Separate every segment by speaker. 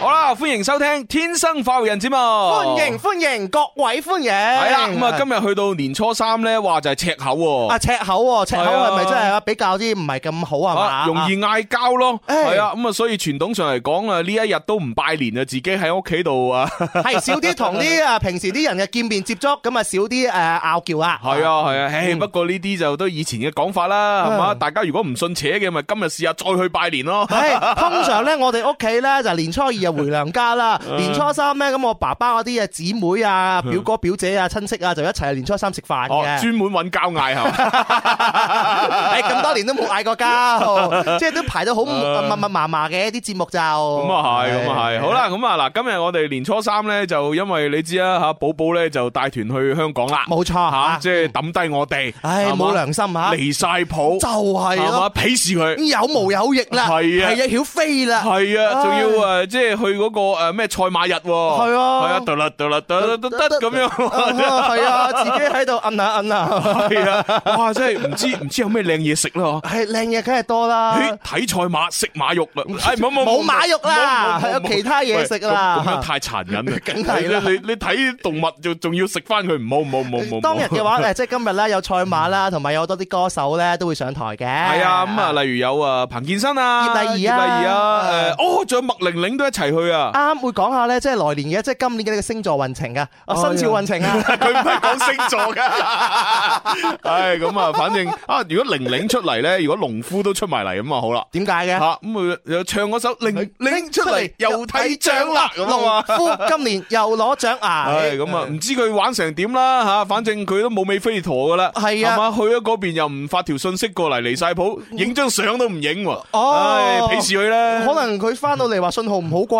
Speaker 1: 好啦，歡迎收聽《天生快活人》節目。歡迎
Speaker 2: 歡迎各位歡迎。係啦，咁啊今
Speaker 1: 日去到年初三咧，話就係赤口。啊，赤
Speaker 2: 口，赤口係咪真係啊？
Speaker 1: 比較啲唔係咁好係容易嗌交。咯。係、哎、啊，咁啊，所以傳統上嚟講啊，呢一日都唔拜年啊，自己喺屋企度啊，係少啲同啲
Speaker 2: 啊平時啲人嘅見面接觸，咁啊少啲誒拗撬啊。
Speaker 1: 係啊係啊，不過呢啲就都以前嘅講法啦，係、嗯、嘛？大家如果唔信邪嘅，咪今日試下再去拜年咯、
Speaker 2: 啊。通常咧，我哋屋企咧就年初二。回娘家啦，年初三咧，咁我爸爸嗰啲呀姊妹啊、表哥表姐啊、親戚啊，就一齊啊年初三食飯嘅。專門揾交嗌嚇，誒咁多年都冇嗌過交，即係都排得好密密麻麻嘅啲節目就。咁啊係，咁啊係，好啦，
Speaker 1: 咁啊嗱，今日我哋年初三咧，就因為你知啦嚇，寶寶咧就帶團去香港啦，冇錯嚇，即係抌低我哋，唉冇良心嚇，離曬譜，就係嘛，鄙視佢，有
Speaker 2: 毛有翼啦，係啊，係啊，曉飛啦，係啊，仲要
Speaker 1: 誒即係。去嗰個咩賽馬日喎？係啊，係、嗯、啊，嘟啦嘟啦嘟嘟嘟咁樣、嗯，係、嗯、啊、嗯嗯嗯嗯嗯嗯
Speaker 3: 嗯，自己喺度
Speaker 1: 摁下摁啊，係 啊、嗯嗯，哇！真係唔知唔知有咩靚嘢食啦嗬？係靚嘢梗係多啦，睇、欸、賽馬食馬肉啦，冇冇冇冇馬肉啦，有其他嘢食啦，太殘忍啦！梗係啦，你你睇動物就仲要食翻佢唔好唔好唔好唔好。當日嘅話誒、嗯，即
Speaker 2: 係今日咧有賽馬啦，同埋有多啲歌手咧都會上台嘅。係啊，咁啊，
Speaker 1: 例如有啊彭健新啊、葉麗儀啊、誒，哦，仲有麥玲玲都一齊。去啊，啱
Speaker 2: 啱會講下咧，即係來年嘅，即係今年嘅呢個星座運程啊，生肖運程啊，
Speaker 1: 佢唔係講星座噶，唉咁啊，反正啊，如果玲玲出嚟咧，如果農夫都出埋嚟咁啊，好啦，點解嘅？吓咁啊，又唱嗰首玲玲出嚟又睇獎啦，咁啊，農夫今年又攞獎啊，係咁啊，唔知佢玩成點啦吓，反正佢都冇尾飛陀噶啦，係啊，去咗嗰邊又唔發條信息過嚟，離晒譜，影張相都唔影
Speaker 2: 喎，哦，鄙視佢啦，可能佢翻到嚟話信號唔好啩。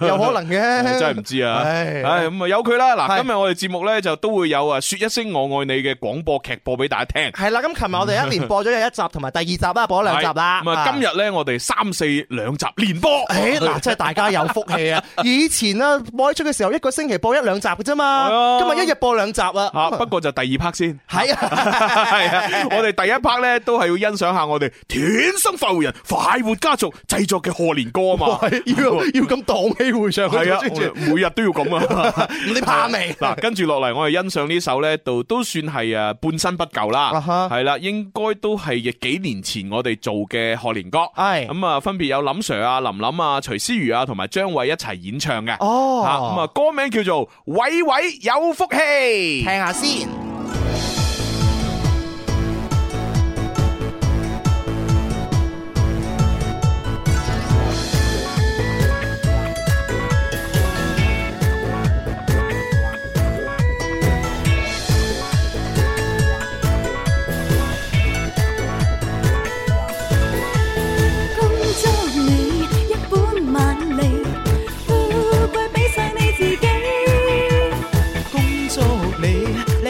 Speaker 2: 有可能嘅， 真係唔知啊！咁啊有佢啦。嗱，今
Speaker 1: 日我哋節目咧就都會有啊，說一聲我愛你嘅廣播劇播俾大家聽。係啦，咁琴日我哋一連播
Speaker 2: 咗有一集同埋 第二集啦，播咗兩集啦。咁啊，今
Speaker 1: 日咧我哋三四兩集連播。唉，嗱，即係
Speaker 2: 大家有福氣啊！ 以前啊，播出嘅時候一個星期播一兩集嘅啫嘛。今日一日播兩集啊！啊，不
Speaker 1: 過就第二 part 先。係 啊是的，係 啊， 我哋第一 part 咧都係要欣賞下我哋天生快活人、快活家族製作嘅賀年歌啊嘛。 要要 黨氣會上係啊，每日都要咁啊！你怕未？嗱，跟住落嚟，我哋欣賞呢首咧，度都算係誒半新不舊啦，係啦，應該都係幾幾年前我哋做嘅賀年歌，係咁啊，分別有林 Sir 啊、林林啊、徐思如啊同埋張偉一齊演唱嘅，哦，咁啊，歌名叫做偉偉有福氣，聽下先。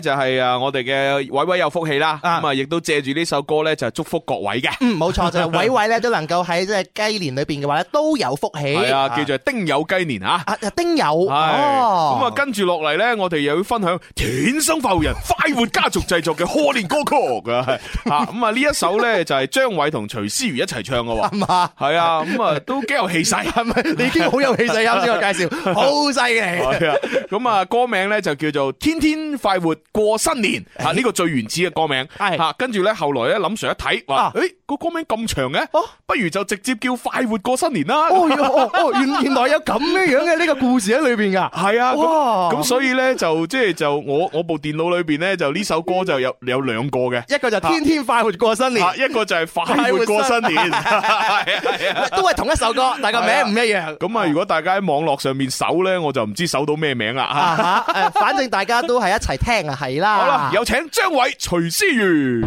Speaker 1: 就係啊，我哋嘅偉偉有福氣啦，咁啊，亦都借住呢首歌咧，就係祝福各位嘅。冇錯就係偉
Speaker 2: 偉咧都能夠喺即係雞年裏邊嘅話咧都有福氣。係啊，叫
Speaker 1: 做丁酉雞年啊。
Speaker 2: 啊，丁酉。係。咁
Speaker 1: 啊，跟住落嚟咧，我哋又要分享天生快活人，快活家族製作嘅賀年歌曲嘅吓。咁啊，呢一首咧就係張偉同徐思如一齊唱嘅喎。係啊。咁啊，都幾有氣勢。係咪？你已經好有氣勢，啱先我介紹，好犀利。係啊。咁啊，歌名咧就叫做《天天快活》。過新年，吓、啊、呢、這個最原始嘅歌名係吓，跟住咧後來咧林 sir 一睇話，誒個、啊欸、歌名咁長嘅、啊，不如就直接叫快活過新年啦。哦，哦哦 原原來有咁嘅樣嘅呢、啊這
Speaker 2: 個故事喺裏邊噶，係啊，哇，咁所
Speaker 1: 以咧就即係就，就，就我我部電腦裏邊咧就呢首歌就有有兩個嘅，一個就天天快活
Speaker 2: 過新年，是啊、一個就係快活過新年， 都係同一首歌，但係個名
Speaker 1: 唔一樣。咁啊，啊，啊，如果大家喺網絡上面搜咧，我就唔知搜到咩名啦吓，
Speaker 2: 啊、 反正大家都係一齊聽。係啦，好啦，有
Speaker 1: 請張偉、徐思如。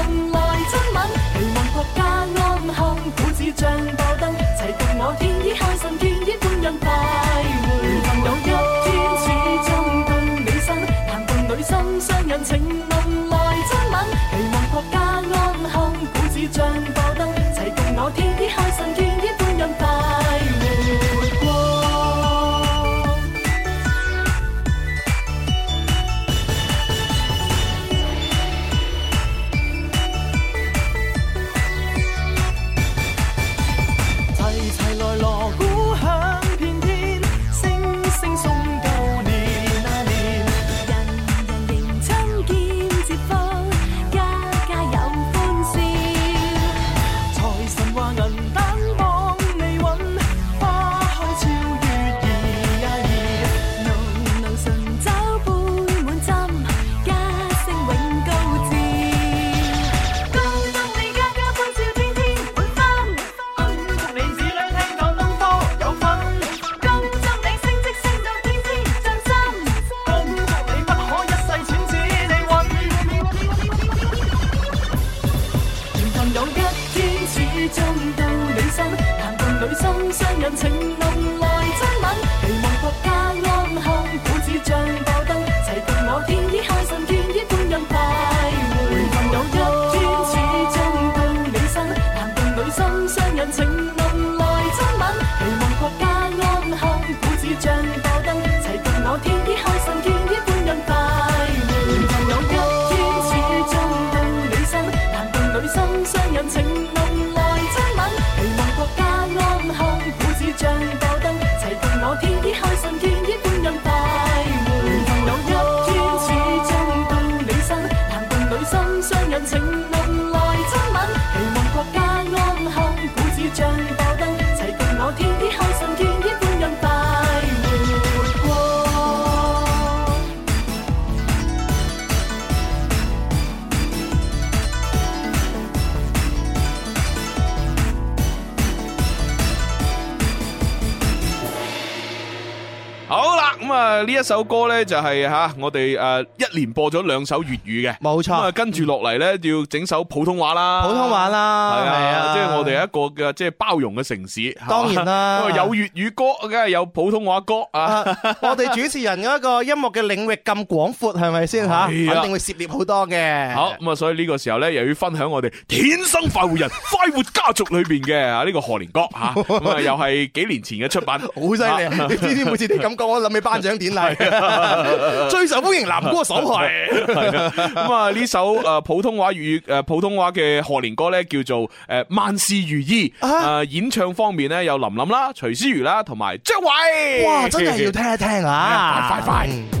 Speaker 1: 呢一首歌咧就係吓我哋誒一連播咗兩首粵語嘅，冇錯。咁啊跟住落嚟咧，就要整首普通話啦，普通話啦，係啊，即係我哋一個嘅即係包容嘅城市。當然啦，有粵語歌梗係有普通話歌啊！
Speaker 2: 我哋主持人嘅一個音樂嘅領域咁廣闊，係咪先吓？係啊，肯定會涉獵好多嘅。好，咁
Speaker 1: 啊，所以呢個時候咧又要分享我哋天生快活人、快活家族裏邊嘅啊呢個賀年歌吓，咁啊又係幾年前嘅出品，好犀利！你知唔知每次啲咁
Speaker 2: 講，我諗起頒獎典。 最受歡迎男歌手係
Speaker 1: 咁啊！呢 首誒普通話語誒普通話嘅賀年歌咧，叫做誒萬事如意。誒、啊呃、演唱方面咧，有林琳啦、徐思如啦，同埋張偉。哇！真係要聽一聽啊！ 快，快快！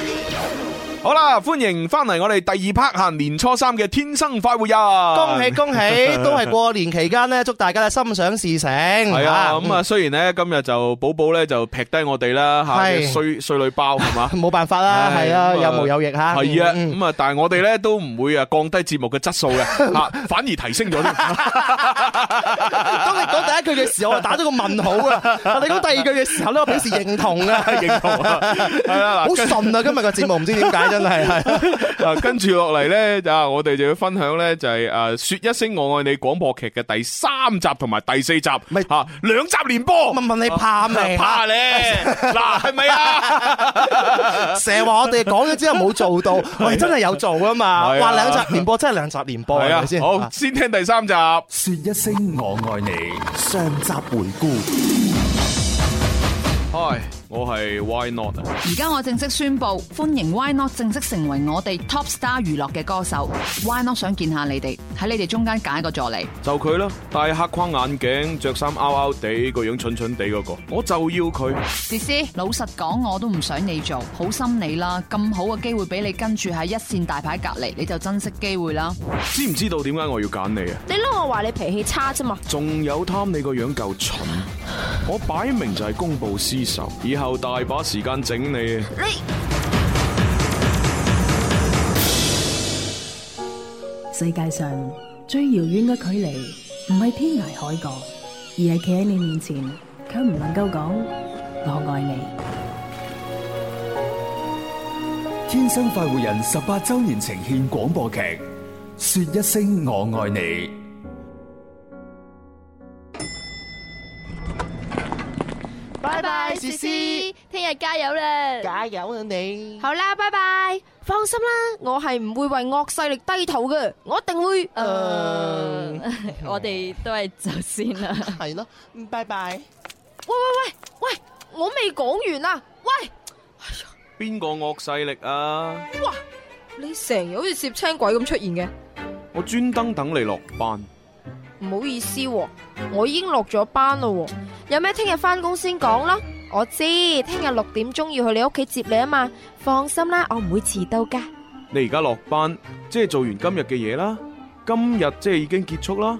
Speaker 1: 好啦，歡迎翻嚟我哋第二 part 吓年初三嘅天生快活人，恭喜恭喜，都係過年期間呢，祝大家嘅心想事成。係啊，咁、嗯、啊、嗯，雖然呢，今日就寶寶咧就劈低我哋啦吓，衰衰女包係嘛，
Speaker 2: 冇辦法啦，係啊、嗯、啊，有毛有翼吓，係啊，咁、
Speaker 1: 嗯、啊，但係我哋咧都唔會啊降低節目嘅質素嘅，吓 反而提升咗啲。
Speaker 2: 當你講第一句嘅時候，我打咗個問號啦。 但你講第二句嘅時候咧，我表示認， 認同啊，認同啊，係 啊，好順啊，今日個節目唔 知點解。真係
Speaker 1: 係，啊，跟住落嚟咧，就我哋就要分享咧，就係誒，說一聲我愛你廣播劇嘅第三集同埋第四集，唔係吓兩集連播。問問你怕未？怕咧？嗱，係咪啊？成日話我哋
Speaker 2: 講咗之後冇做到，我哋真係有做啊嘛？話兩集連播真係兩集連播，係啊先？好，
Speaker 4: 先聽第三集，說一聲我愛你。上集回顧，Hi。我係 Why Not
Speaker 5: 而家我正式宣布，歡迎 Why Not 正式成為我哋 Top Star 娛樂嘅歌手。Why Not 想見下你哋，喺你哋中間揀一個助理，
Speaker 1: 就佢啦！戴黑框眼鏡，着衫拗拗地，個樣蠢蠢地嗰個，我就要佢。
Speaker 5: 詩詩，老實講，我都唔想你做，你好心你啦，咁好嘅機會俾你跟住喺一線大牌隔離，你就珍惜機會啦。
Speaker 1: 知唔知道點解我要揀你啊？你撈我話你脾
Speaker 5: 氣差啫嘛，
Speaker 1: 仲有貪你個樣夠蠢。我擺明就係公報私仇，以後大把時間整你。哎。
Speaker 6: 世界上最遙遠嘅距離，唔係天涯海角，而係企喺你面前，
Speaker 7: 卻唔能夠講我愛你。
Speaker 4: 天生快活人十八週年呈獻廣播劇，說一聲我愛你。
Speaker 5: 拜拜，思思，聽日加油啦！加油啊，你好啦，拜拜。放心啦，我係唔會為惡勢力低頭嘅，我一定會。誒，我哋都係走先啦。係咯，拜拜。喂喂喂喂，我未講完啊！喂，哎
Speaker 1: 呀，邊個惡勢力啊？
Speaker 5: 哇，你成日好似攝青鬼咁出現嘅。
Speaker 1: 我專登等你落班。
Speaker 5: 唔好意思，我已經落咗班咯。有咩聽日翻工先講啦。我知，聽日六點鐘要去你屋企接你啊嘛。放心啦，我唔會遲到噶。
Speaker 1: 你而家落班，即係做完今日嘅嘢啦。今日即係已經結束啦。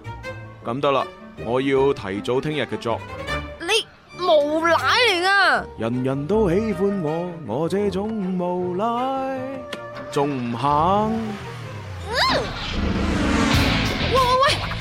Speaker 1: 咁得啦，我要提早聽日嘅工作。
Speaker 5: 你無賴嚟噶！
Speaker 1: 人人都喜歡我，我這種無賴仲唔肯？喂、嗯、
Speaker 5: 喂喂！喂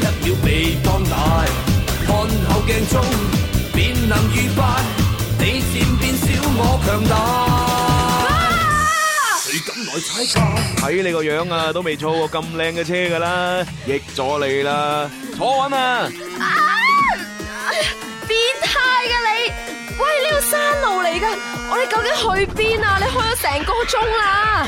Speaker 8: 能
Speaker 1: 你大。睇你個樣啊，都未坐過咁靚嘅車噶啦，益咗你啦，坐穩啊！
Speaker 5: 變態嘅你，喂，呢個山路嚟噶，我哋究竟去邊啊？你開咗成個鐘啦！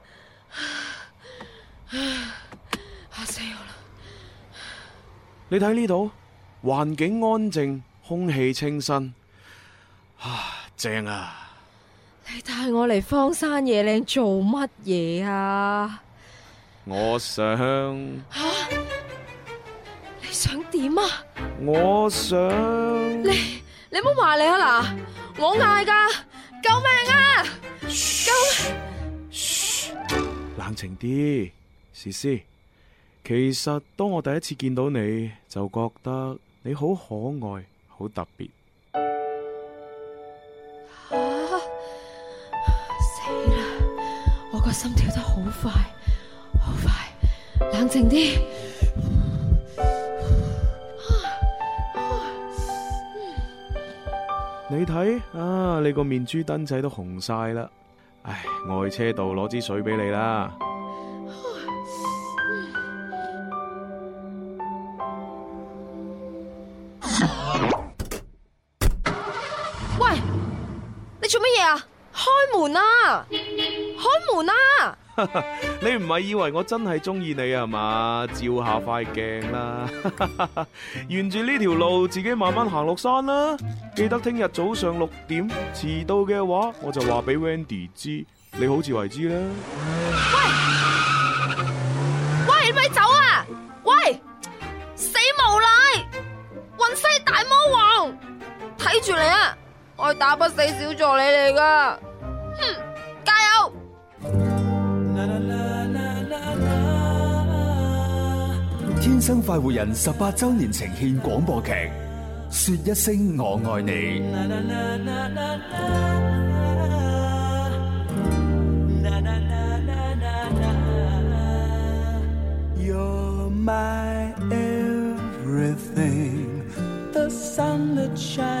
Speaker 1: 你睇呢度，環境安靜，空氣清新，啊，正啊！
Speaker 5: 你帶我嚟荒山野嶺做乜嘢啊？
Speaker 1: 我想吓，你
Speaker 5: 想點啊？
Speaker 1: 我想
Speaker 5: 你，你唔好話你啊嗱，我嗌噶，救命啊！
Speaker 1: 救，嘘，冷靜啲，詩詩。其實，當我第一次見到你就覺得你好可愛，好特別。啊，
Speaker 5: 啊死啦！我個心跳得好快，好快，冷靜啲。
Speaker 1: 你睇啊，你個面珠墩仔都紅晒啦。唉，我去車度攞支水俾你啦。
Speaker 5: 做乜嘢啊？開門啊！開門啊！
Speaker 1: 你唔係以為我真係中意你啊嘛？照下塊鏡啦。 沿住呢條路自己慢慢行落山啦。記得聽日早上六點，遲到嘅話我就話俾 Wendy 知。你好自為之啦。喂
Speaker 5: 喂，你咪走啊！喂，死無賴！雲西大魔王，睇住你啊！我打不死小助理嚟噶，加油！
Speaker 4: 天生快活人十八周年呈獻廣播劇，說一聲我愛你。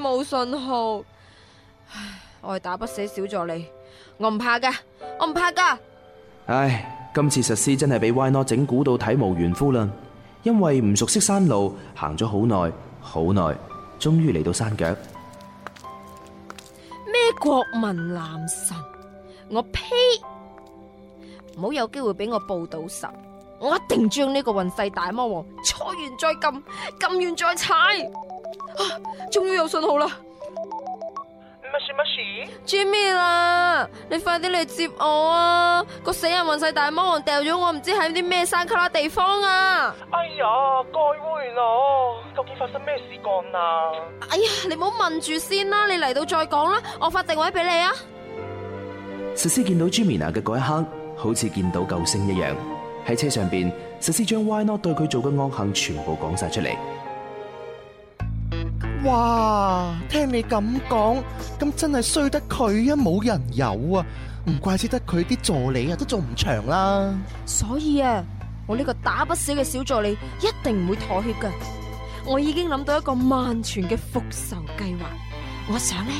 Speaker 5: 冇信號，唉，我係打不死小助理，我唔怕噶，我唔怕噶。唉，
Speaker 3: 今次實施真係俾 Y 諾整蠱到體無完膚啦，因為唔熟悉山路，行咗好耐，好耐，終於嚟到山腳。
Speaker 5: 咩國民男神？我呸！唔好有機會俾我報到仇，我一定將呢個運勢大魔王踩完再撳，撳完再踩。啊！終於有信號啦！咩事咩事？朱咪娜，嗯、Jimmy, 你快啲嚟接我啊！個死人混世大魔王掉咗我，唔知喺啲咩山旮旯地方啊！哎呀，該
Speaker 2: 會啦！究竟發生咩事幹啊？
Speaker 5: 哎呀，你唔好問住先啦，你嚟到再講啦，我發定位俾你啊！
Speaker 3: 實施見到朱咪娜嘅嗰一刻，好似見到救星一樣。喺車上邊，實施將 Why Not 對佢做嘅惡行全部講晒出嚟。
Speaker 2: 哇，聽你咁講，咁真係衰得佢啊！冇人有啊，唔怪之得佢啲助理啊都做唔長啦。
Speaker 5: 所以啊，我呢個打不死嘅小助理一定唔會妥協㗎。我已經諗到一個萬全嘅復仇計劃。我想咧，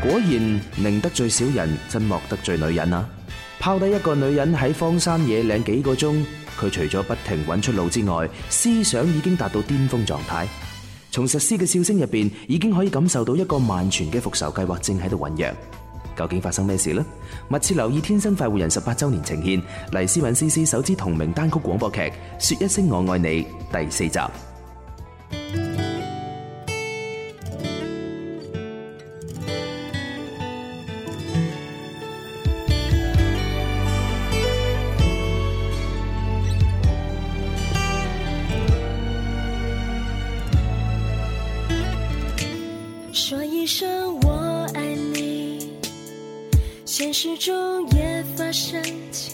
Speaker 3: 果然寧得罪小人，真莫得罪女人啊！拋低一個女人喺荒山野嶺幾個鐘，佢除咗不停揾出路之外，思想已經達到巔峰狀態。從實施嘅笑聲入邊，已經可以感受到一個萬全嘅復仇計劃正喺度醞釀。究竟發生咩事呢？密切留意《天生快活人》十八周年呈現黎思韻思思首支同名單曲廣播劇《說一聲我愛你》第四集。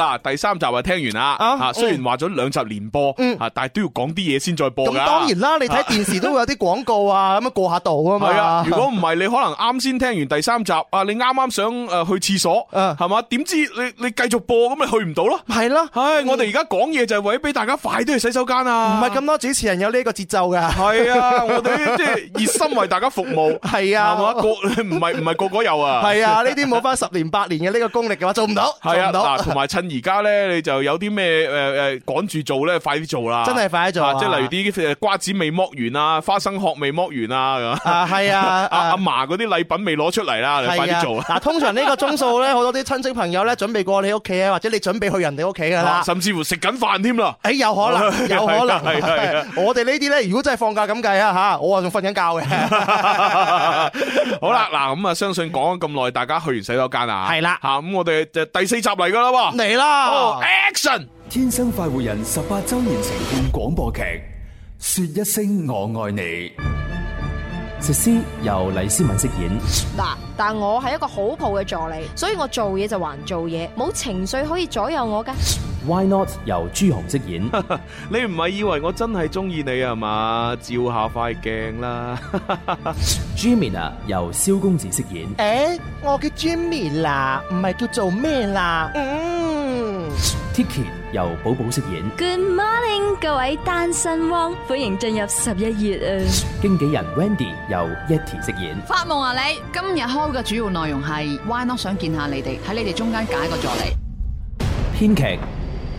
Speaker 1: 嗱，第三集啊，聽完啦，啊，雖然話咗兩集連播，啊，但係都要講啲嘢先再播啦。咁當然啦，你睇電視都會有
Speaker 2: 啲廣告啊，咁樣過下度啊嘛。係啊，如果
Speaker 1: 唔係，你可能啱先聽完第三集啊，你啱啱想誒去廁所，係嘛？點知你你繼續播，咁咪去唔到咯？係啦，係我哋而家講嘢就係為咗俾大家快啲去洗手間啊，唔係咁多主持人有呢個節奏噶。係啊，我哋即係熱心為大家服務。係啊，個唔係唔係個個有啊。係啊，呢
Speaker 2: 啲冇翻十年八年嘅呢個功力嘅話，做唔到。係啊，嗱，同
Speaker 1: 埋趁。而家咧，你就有啲咩誒誒，趕住做咧，快啲做啦！真係快啲做，即係例如啲瓜子未剝完啊，花生殼未剝完啊咁啊，係啊，阿阿嫲嗰啲禮品未攞出嚟啦，你快啲做啊！嗱，
Speaker 2: 通常呢個鐘數咧，好多啲親戚朋友咧，準備過你屋企啊，或者你準備去人哋屋企噶啦，甚
Speaker 1: 至乎食緊飯添啦！誒，有可能，有可能，我
Speaker 2: 哋呢啲咧，如果真係放假咁計啊吓，我啊仲瞓緊覺嘅。
Speaker 1: 好啦，嗱咁啊，相信講咗咁耐，大家去完洗手間啊，係啦吓，咁我哋就第四集嚟噶啦噃，嚟啦。Oh,
Speaker 4: Action! 天生快活人十八周年呈獻廣播劇，說一聲我愛你。 實施由李思敏飾演。
Speaker 5: 但我係一個好抱嘅助理，所以我做嘢就還做嘢，冇情緒可以左右我噶。
Speaker 1: Why not？由朱紅飾演。 你唔係以為我真係中意你係嘛？照下塊鏡啦。 Jimmy 啊，由蕭公子
Speaker 3: 飾演。誒、
Speaker 2: 欸，我嘅 Jimmy 啦，唔係叫做咩啦？嗯。
Speaker 3: Tiki 由寶寶飾演。
Speaker 2: Good morning，各位單身汪，歡迎
Speaker 5: 進入十一月啊。
Speaker 3: 經紀人 Wendy 由 Yetty 飾演。
Speaker 5: 發夢啊你，你今日開。嘅主要內容係 Yono 想見下你哋，喺你哋中間揀一個助理。
Speaker 3: 編劇、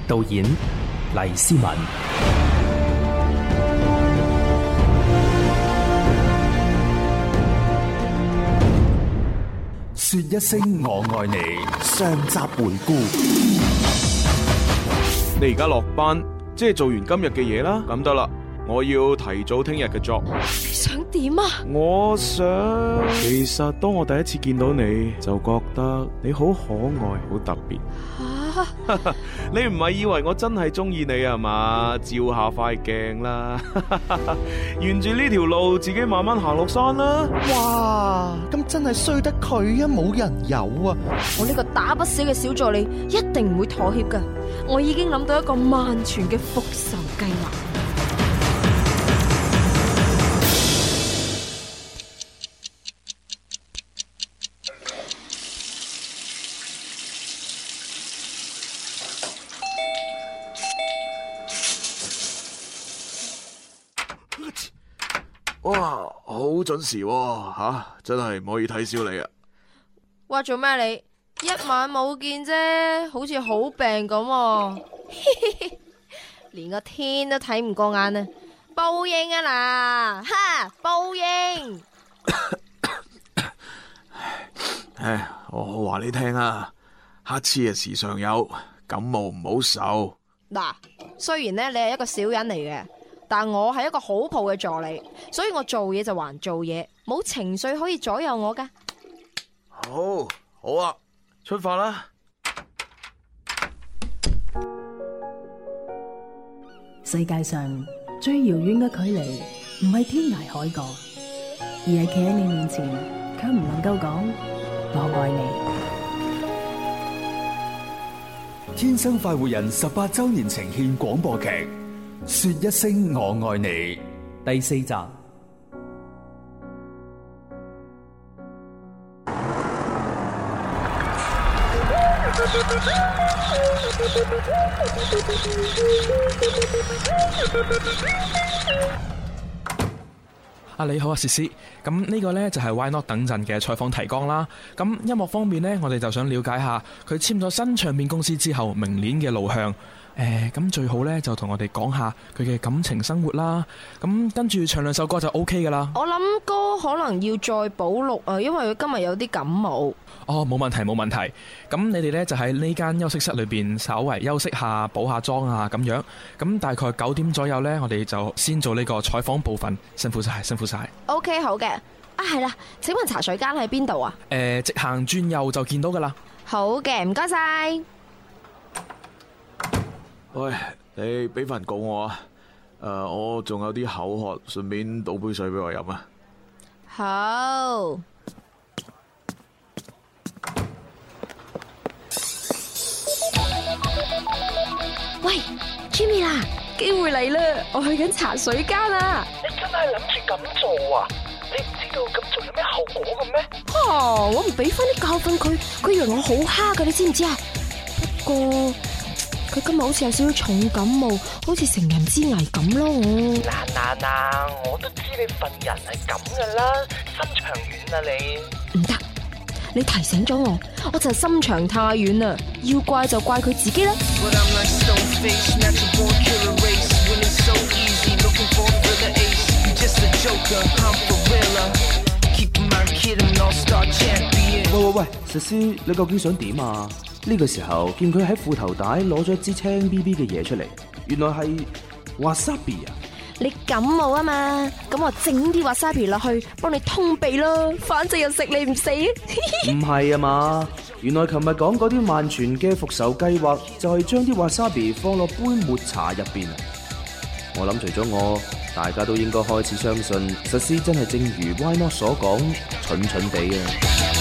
Speaker 3: 導演黎思文，
Speaker 4: 說一聲我愛你。上集回顧。
Speaker 1: 你而家落班，即係做完今日嘅嘢啦，咁得啦。我要提早聽日嘅 job，你想點啊？我想其實當我第一次見到你，就覺得你好可愛，好特別。 你唔係以為我真係中意你啊嘛？照下塊鏡啦， 沿住呢條路自己慢慢行落山啦。
Speaker 2: 哇，咁真係衰得佢啊！冇人有啊！
Speaker 5: 我呢個打不死嘅小助理一定唔會妥協噶。我已經諗到一個萬全嘅復仇計劃。
Speaker 1: 好、啊、準時喎、啊，吓、啊、真係唔可以睇小你啊！
Speaker 5: 哇，做咩你一晚冇見啫？好似好病咁、啊， 連個天都睇唔過眼啊！報應啊嗱，吓報應 ！
Speaker 1: 唉，我話你聽啊，黑痴啊，時常有感冒唔好受。
Speaker 5: 嗱，雖然咧，你係一個小人嚟嘅。但我係一個好抱嘅助理，所以我做嘢就還做嘢，冇情緒可以左右我㗎。
Speaker 1: 好，好啊，出發啦！
Speaker 6: 世界上最遙遠嘅距離，唔係天涯海角，而係企喺你面前，卻唔能夠
Speaker 4: 講我愛你。天生快活人十八周年呈獻廣播劇。說一聲我愛你第四集。
Speaker 1: 啊，你好啊，詩詩。咁呢個呢，就係 Why Not 等陣嘅採訪提綱啦。咁音樂方面呢，我哋就想了解下佢簽咗新唱片公司之後，明年嘅路向。誒，咁最好呢，就同我哋講下佢嘅感情生活啦。咁跟住唱兩首歌就 O K 噶啦。
Speaker 5: 我諗歌可能要再補錄啊，因為佢今日
Speaker 1: 有啲感冒。哦，冇問題，冇問題。咁你哋呢，就喺呢間休息室裏邊稍微休息下，補下妝啊，咁樣。咁大概九點左右呢，我哋就先做呢個採訪部分。辛苦晒，辛苦晒。
Speaker 5: OK，好嘅。啊，係啦，請問茶水間喺邊度
Speaker 3: 啊？
Speaker 1: 誒，直行轉右就見到噶啦。
Speaker 5: 好嘅，唔該晒。
Speaker 1: 喂，你俾份告我啊！誒，我仲有啲口渴，順便倒杯水俾我飲啊！
Speaker 5: 好。喂，Jimmy 啊，機會嚟啦！我去緊茶水間啊！
Speaker 8: 你真係諗住咁做啊？你唔知道咁做有咩後果
Speaker 5: 嘅咩？哦，我唔俾翻啲教訓佢，佢以為我好蝦噶，你知唔知啊？不過。佢今日好似有少少重感冒，好似成人之危咁咯。嗱嗱
Speaker 2: 嗱，我都知你份人係咁噶啦，心腸軟啊你。唔得，
Speaker 5: 你提醒咗我，我就係心腸太軟啦。要怪就怪佢自己啦。
Speaker 3: 喂喂喂，石師，你究竟想點啊？呢、這個時候見佢喺褲頭帶攞咗一支青 B B 嘅嘢出嚟，原來係 wasabi 啊！
Speaker 5: 你感冒啊嘛，咁我整啲 wasabi 落去幫你通鼻囉，反正又食你唔死。
Speaker 3: 唔係啊嘛，原來琴日講嗰啲萬全嘅復仇計劃就係、是、將啲 wasabi 放落杯抹茶入邊啊我諗除咗我，大家都應該開始相信實施真係正如歪魔所講，蠢蠢地啊！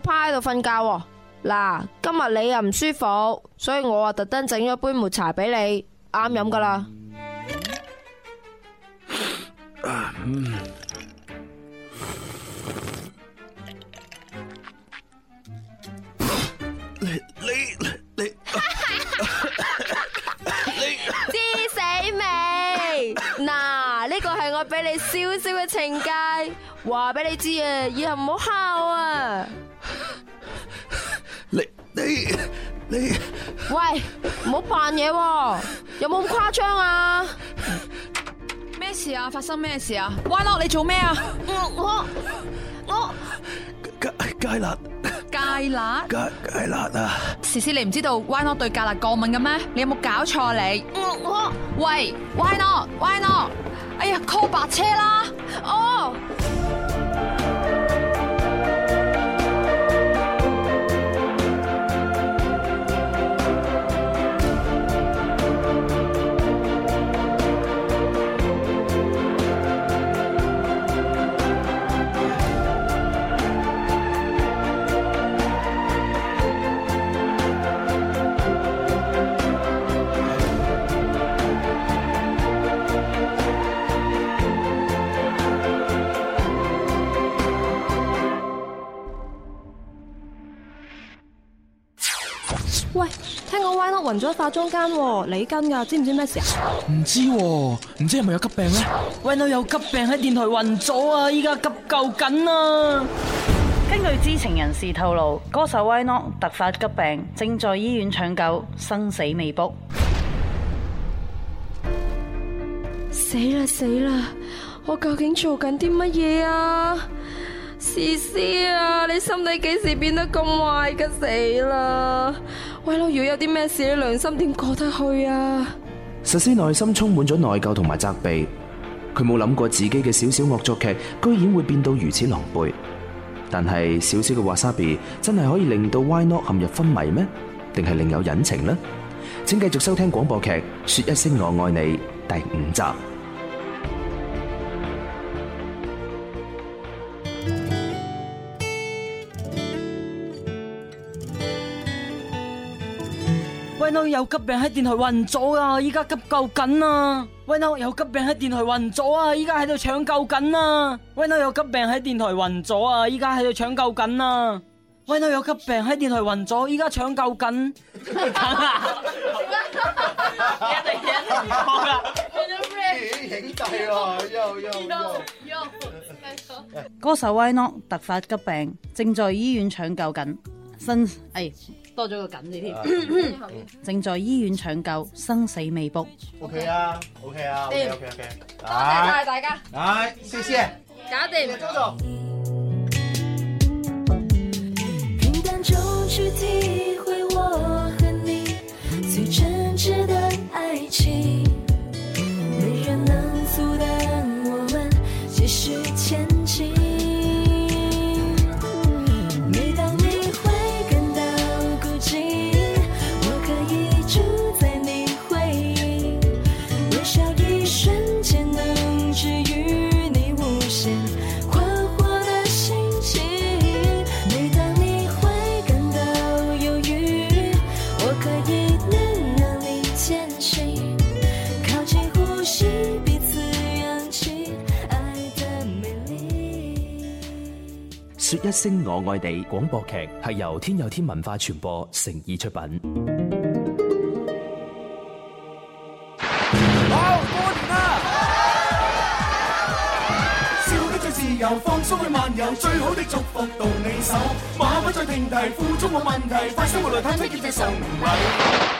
Speaker 5: 趴喺度瞓覺嗱，今日你又唔舒服，所以我啊特登整咗杯抹茶俾你，啱飲噶啦。
Speaker 9: 你
Speaker 5: 你你你知死未？嗱，呢個係我俾你少少嘅懲戒，話俾你知啊，以後唔好敲啊！你你喂，唔好扮嘢喎，有冇咁誇張啊？咩事啊？發生咩事啊？Y 諾你做咩啊？我我我
Speaker 3: 芥芥辣
Speaker 5: 芥辣芥
Speaker 3: 芥辣啊！
Speaker 5: 詩詩你唔知道 Y 諾對芥辣過敏嘅咩？你有冇搞錯你？我我喂 Y 諾 Y 諾，哎呀 call 白車啦！咗化妝間，你跟噶，知唔知咩事啊？
Speaker 1: 唔知，唔知係咪有急病咧？
Speaker 7: 威諾有急病喺電台暈咗
Speaker 6: 啊！依家急救緊啊！根據知情人士透露，歌手威諾突發急病，正在醫院搶救，生死未卜了。
Speaker 5: 死啦死啦！我究竟做緊啲乜嘢啊？思思啊，你心裏幾時變得咁壞嘅死啦？威諾如果有啲咩事，你良心點過得去啊？
Speaker 3: 實施內心充滿咗內疚同埋責備，佢冇諗過自己嘅小小惡作劇，居然會變到如此狼狽。但係小小嘅 wasabi 真係可以令到 why not 陷入昏迷咩？定係另有隱情呢？請繼續收聽廣播劇《說一聲我愛你》第五集。
Speaker 7: 有急病喺電台暈咗啊！依家急救緊啊！威諾有急病喺電台暈咗啊！依家喺度搶救緊啊！威諾有急病喺電台暈咗啊！依家喺度搶救緊啊！威諾有急病喺電台暈咗，依家搶救緊。
Speaker 8: 咁啊！又又又又
Speaker 9: 又，歌
Speaker 6: 手威諾突發急病，正在醫院搶救緊。新
Speaker 5: 哎。多咗個緊你添，
Speaker 6: 正在醫院搶救，生死未卜。
Speaker 2: OK 啊 OK 啊
Speaker 5: OK OK，多謝晒
Speaker 6: 大家，唉，謝謝，搞掂。謝謝
Speaker 3: 聲我愛你廣播劇係由天有天文化傳播誠意出品。
Speaker 8: 好年、啊。笑得最自由，放鬆去漫遊，最好的祝福到你手，馬不再停蹄，付出冇問題，快啲回來探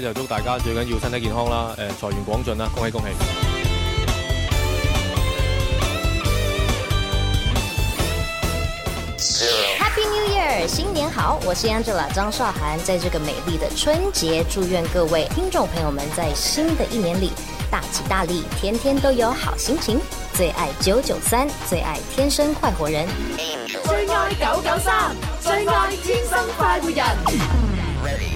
Speaker 1: 就祝大家最緊要身體健康啦，誒財源廣進啦，恭喜恭喜
Speaker 4: ！Happy New Year，新年好！我是 Angela 張韶涵，在這個美麗的春節，祝願各位聽眾朋友們在新的一年裏大吉大利，天天都有好心情。最愛九九三，最愛天生快活人。最
Speaker 5: 愛九九三，最愛天生快活人。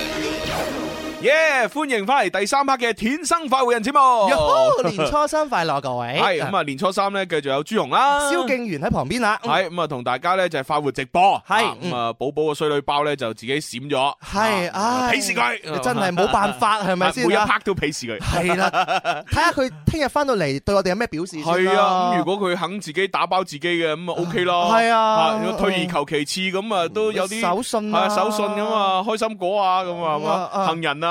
Speaker 1: 耶、yeah,！歡迎翻嚟第三 part 嘅天生快活人節目。Yoho, 年初三快樂，各位。係咁啊，年初三咧，繼續有朱容啦。蕭敬元喺旁邊啦。係咁啊，同大家咧就係快活直播。係咁啊，寶寶個衰女包咧就自己閃咗。
Speaker 2: 係啊，鄙視佢，呃哎、真係冇辦法，係咪先？ 每一 part
Speaker 1: 都鄙視佢。係 啦、
Speaker 2: 啊，睇下佢聽日翻到嚟對我哋有咩表示係 啊，咁如
Speaker 1: 果佢肯自己打包自己嘅咁啊 OK 咯。係啊，退、啊、而求其次咁啊，都有啲手信啊，啊手信咁啊，開心果啊，咁啊，係嘛，杏仁啊。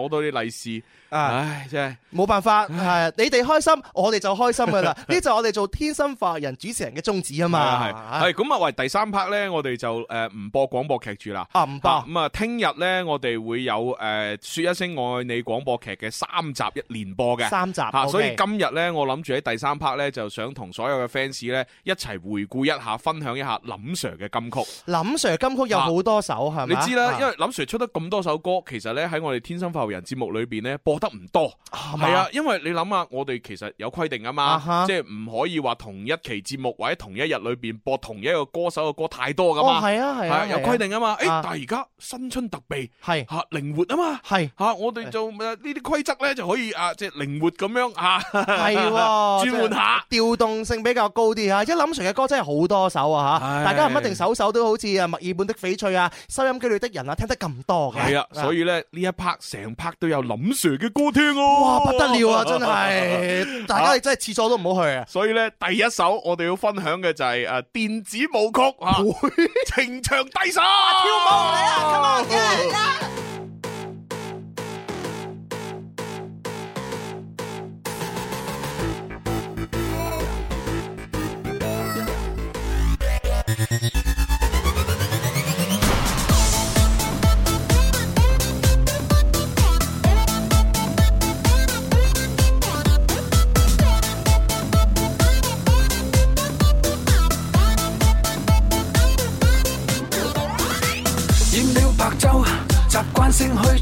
Speaker 1: 攞多啲利是。唉，真係
Speaker 2: 冇辦法，係你哋開心，我哋就開心噶啦。呢就係我哋做天生快活人主持人嘅宗旨啊嘛，係
Speaker 1: 咁啊！喂，第三 part 咧，我哋就誒唔播廣播劇住啦，啊唔播咁啊！聽日咧，我哋會有誒說一聲我愛你廣播劇嘅三集一連播嘅三集吓，所以今日咧，我諗住喺第三 part 咧，就想同所有嘅 fans 咧一齊回顧一下，分享一下林 Sir 嘅金曲。
Speaker 2: 林 Sir 金曲有好多首係嘛？你知啦，因為
Speaker 1: 林 Sir 出得咁多首歌，其實咧喺我哋天生快活人節目裏邊咧播。得唔多，係啊，因為你諗下，我哋其實有規定啊嘛，即係唔可以話同一期節目或者同一日裏邊播同一個歌手嘅歌太多噶嘛，係、哦、啊係啊，啊，啊，有規定啊嘛，誒、啊欸，但係而家新春特備係吓靈活啊嘛，係吓、啊、我哋做呢啲規則咧就可以啊即係靈活咁樣吓，係轉換下
Speaker 2: 調、就是、動性比較高啲啊，即係林 Sir 嘅歌真係好多首啊吓，大家唔一定首首都好似啊墨爾本的翡翠啊收音機裏的人啊聽得咁多嘅，係啊，啊，所
Speaker 1: 以咧呢一 part 成 part 都有林 Sir 嘅。歌聽、啊、哇，不得了啊！真係、啊，大家真係廁所都唔好去啊！所以咧，第一首我哋要分享嘅就係、是、誒、啊、電子舞曲啊，情
Speaker 8: 場低手。啊、跳舞嚟啊，啊 come on！、啊 yeah, 啊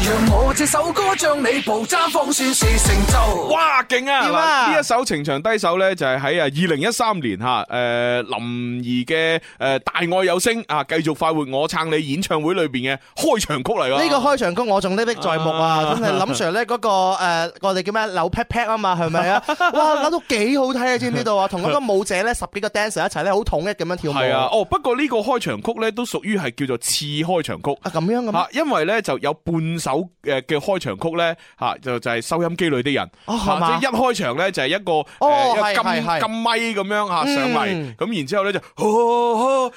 Speaker 8: 讓我這首歌將你暴佔，方算是成就。哇，
Speaker 1: 勁啊！呢、啊、一首情長低手呢就係喺啊二零一三年吓，誒、呃、林儀嘅誒大愛有聲啊，繼續快活我撐你演唱會裏邊嘅開場曲嚟噶。呢、這個
Speaker 2: 開場曲我仲歷歷在目啊！真、啊、係林 Sir 咧、那、嗰個誒、 呃，我哋叫咩扭 pat pat 啊嘛，係咪啊？哇，諗到幾好睇啊！知唔知道啊？同嗰個舞者呢十幾個 dancer 一齊咧好統一咁樣跳舞。係啊，
Speaker 1: 哦，不過呢個開場曲呢都屬於係叫做次開場曲啊，咁樣噶、啊，因為呢就有半，首誒嘅開場曲咧，吓就就係收音機裏啲人，哦、即係一開場咧就係一個、哦、金金咪咁樣吓上嚟，咁、嗯、然之後咧就，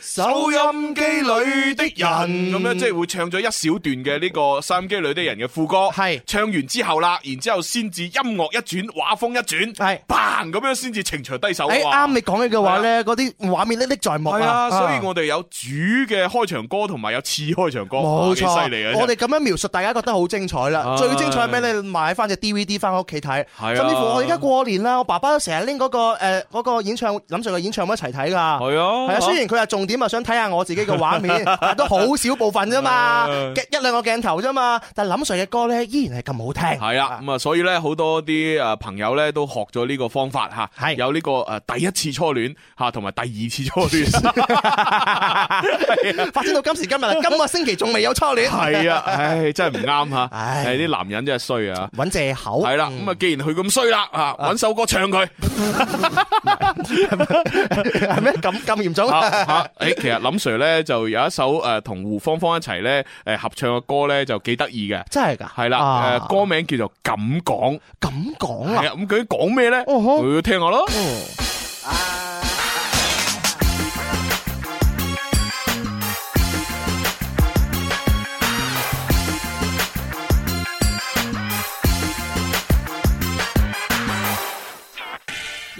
Speaker 1: 收、哦、音機裏的人咁樣即係會唱咗一小段嘅呢、這個收音機裏啲人嘅副歌，唱完之後啦，然之後先至音樂一轉，畫風一轉，係、嘭、咁樣先至情場低手。誒、欸、啱
Speaker 2: 你講嘅話咧，嗰啲畫面歷歷在目啦、啊啊、所以我
Speaker 1: 哋有主嘅開場歌同埋有次開場歌，好犀利啊！我哋
Speaker 2: 咁樣描述大家一個。得好精彩啦！最精彩俾你買翻隻 DVD 翻屋企睇，甚至乎我而家過年啦，我爸爸都成日拎嗰個誒嗰、呃那個演唱林 Sir 嘅演唱會一齊睇噶。係啊，啊，雖然佢啊重點啊想睇下我自己嘅畫面， 都好少部分啫嘛、啊，一兩個鏡頭啫嘛。但林 Sir 嘅歌呢依然係咁好聽。
Speaker 1: 係啊，咁、嗯、啊，所以呢，好多啲誒朋友呢都學咗呢個方法吓、啊，有呢個誒第一次初戀吓，同埋第二次初戀，
Speaker 2: 是啊、 發展到今時今日，今個星期仲未有初戀。係啊，唉、
Speaker 1: 哎，真係唔 啱吓，唉，啲男人真係衰啊！揾借口係啦，咁啊，既然佢咁衰啦，吓揾首歌唱佢，係咩咁咁嚴重？吓，誒，其實林 Sir 咧就有一首誒同胡芳芳一齊咧誒合唱嘅歌咧就幾得意嘅，真係噶，係啦，誒，歌名叫做《敢講》，敢講啊！係啊，咁究竟講咩咧？我要聽下咯。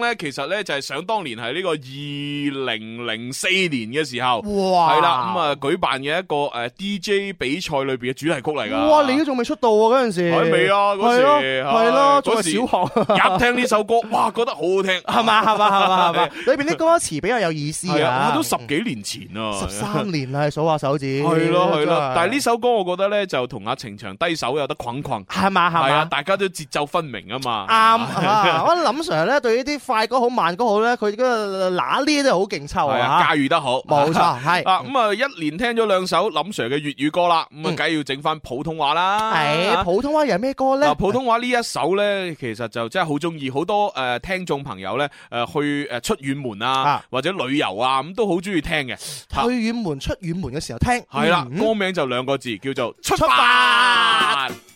Speaker 1: 咧，其實咧，就係想當年係呢個二零零四年嘅時候，哇，係啦，咁啊舉辦嘅一個誒 DJ 比賽裏邊嘅主題曲嚟噶。哇！
Speaker 2: 你都仲未出道啊嗰陣、啊、時？未啊，嗰時係咯，仲係、啊啊、小
Speaker 1: 學入聽呢首歌， 哇，覺得好好聽，係嘛係嘛係嘛， 裏邊啲歌詞比較有意思啊，啊、嗯。都十幾年前啊，十三
Speaker 2: 年啦，數下手指。係咯係咯，但係
Speaker 1: 呢首歌我覺得咧，就同阿程祥低手有得捆捆。係嘛係嘛，大家都節奏分明啊嘛。啱係嘛，
Speaker 2: 我諗 Sir 咧對呢啲。快歌好慢歌好咧，佢嗰嗱呢都好勁抽啊！駕馭
Speaker 1: 得好，冇錯，係啊咁啊， 一年聽咗兩首林 Sir 嘅粵語歌啦，咁啊，梗要整翻普通話啦。係、哎、普
Speaker 2: 通話又係咩歌
Speaker 1: 咧？普通話呢一首咧，其實就真係好中意，好、哎、多誒聽眾朋友咧誒去誒出遠門啊，啊或者旅遊啊，咁都好中意聽嘅。
Speaker 2: 去遠門出遠門嘅時候聽係啦、
Speaker 1: 嗯啊，歌名就兩個字叫做出發，出發。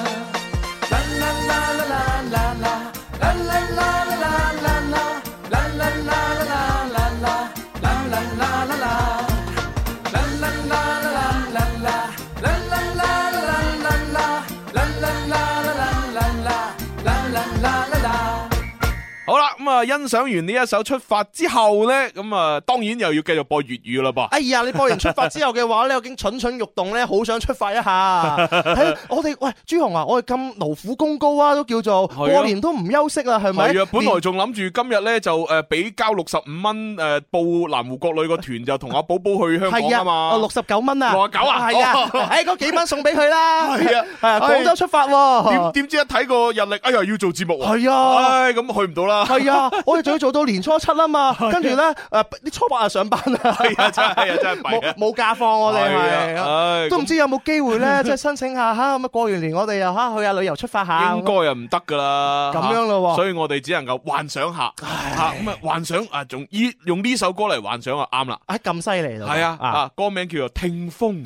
Speaker 1: 欣賞完呢一首《出發》之後咧，咁啊當然又要繼續播粵語啦噃。哎呀，你播完《出發》之
Speaker 2: 後嘅話咧，我 已經蠢蠢欲動咧，好想出發一下。睇、
Speaker 1: 哎、
Speaker 2: 我哋，喂朱紅啊，我哋咁勞苦功高啊，都叫做過年都唔休息啦，係咪、啊？係啊，本來
Speaker 1: 仲諗住今日咧就誒俾交六十五蚊誒報南湖國旅個團，就同阿寶寶去香港啊嘛。六十九蚊啊，六啊九啊，係啊，誒、哎、
Speaker 2: 嗰、啊哦哎、幾蚊送俾佢啦。係 啊，廣州出
Speaker 1: 發喎、啊。點、哎、知一睇個日曆，哎呀，要做節目喎。係啊，唉、啊，咁、哎、去唔到啦。係啊。
Speaker 2: 我哋仲要做到年初七啊嘛，跟住咧，誒，你初八啊上班啦。
Speaker 1: 係啊，真係啊，真係弊，冇假
Speaker 2: 放我哋係，都唔知有冇機會咧，即係申請下吓，咁 啊過完年我哋又吓去下旅遊出發下，應該
Speaker 1: 又唔得噶啦，咁樣咯，所以我哋只能夠幻想下吓，咁啊，啊幻想啊，仲依用呢首歌嚟幻想啊，啱啦，啊
Speaker 2: 咁犀利咯，係啊，啊
Speaker 1: 歌名叫做聽風。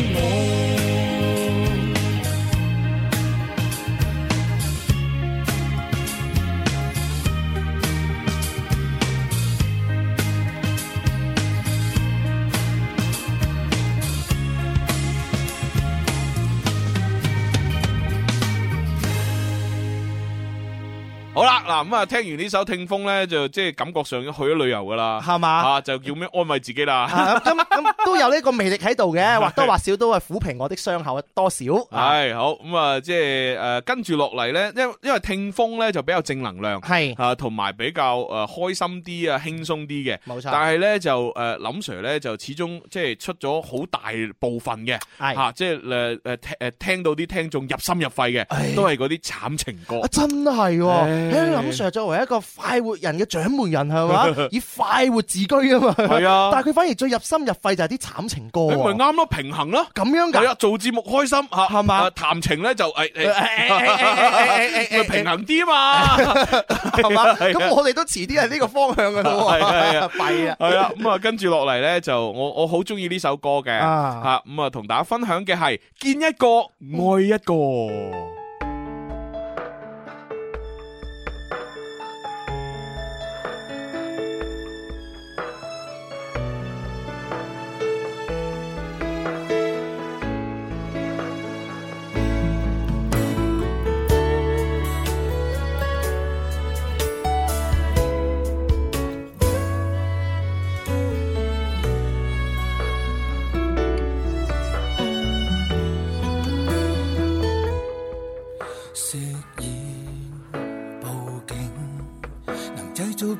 Speaker 1: 咁啊，聽完呢首聽風咧，就即係感覺上已經去咗旅遊噶啦，係嘛？吓，就叫咩安慰自己啦？
Speaker 2: 咁咁都有呢個魅力喺度嘅，或多或少都係撫平我的傷口多少。係
Speaker 1: 好咁啊，即係誒跟住落嚟咧，因因為聽風咧就比較正能量，係啊，同埋比較誒開心啲啊，輕鬆啲嘅。冇錯。但係咧就誒林 Sir 咧就始終即係出咗好大部分嘅係吓，即係誒誒誒聽到啲聽眾入心入肺嘅，都係嗰啲慘情歌啊。真
Speaker 2: 係聽林。作為一個快活人嘅掌門人係嘛？以快活自居啊嘛，係 啊，但係佢反而最入心入肺就係啲慘情歌
Speaker 1: 啊，咪啱咯，平衡咯，咁樣噶，係啊，做節目開心吓，係嘛，談情咧就誒平衡啲啊嘛，係 嘛，咁我哋
Speaker 2: 都遲啲係呢
Speaker 1: 個方向噶啦，係啊，係啊，係啊，係啊， 弊啊，嗯、啊，啊，係、嗯、啊，咁啊跟住落嚟咧就我我好中意呢首歌嘅吓，咁啊同大家分享嘅係見一個愛一個。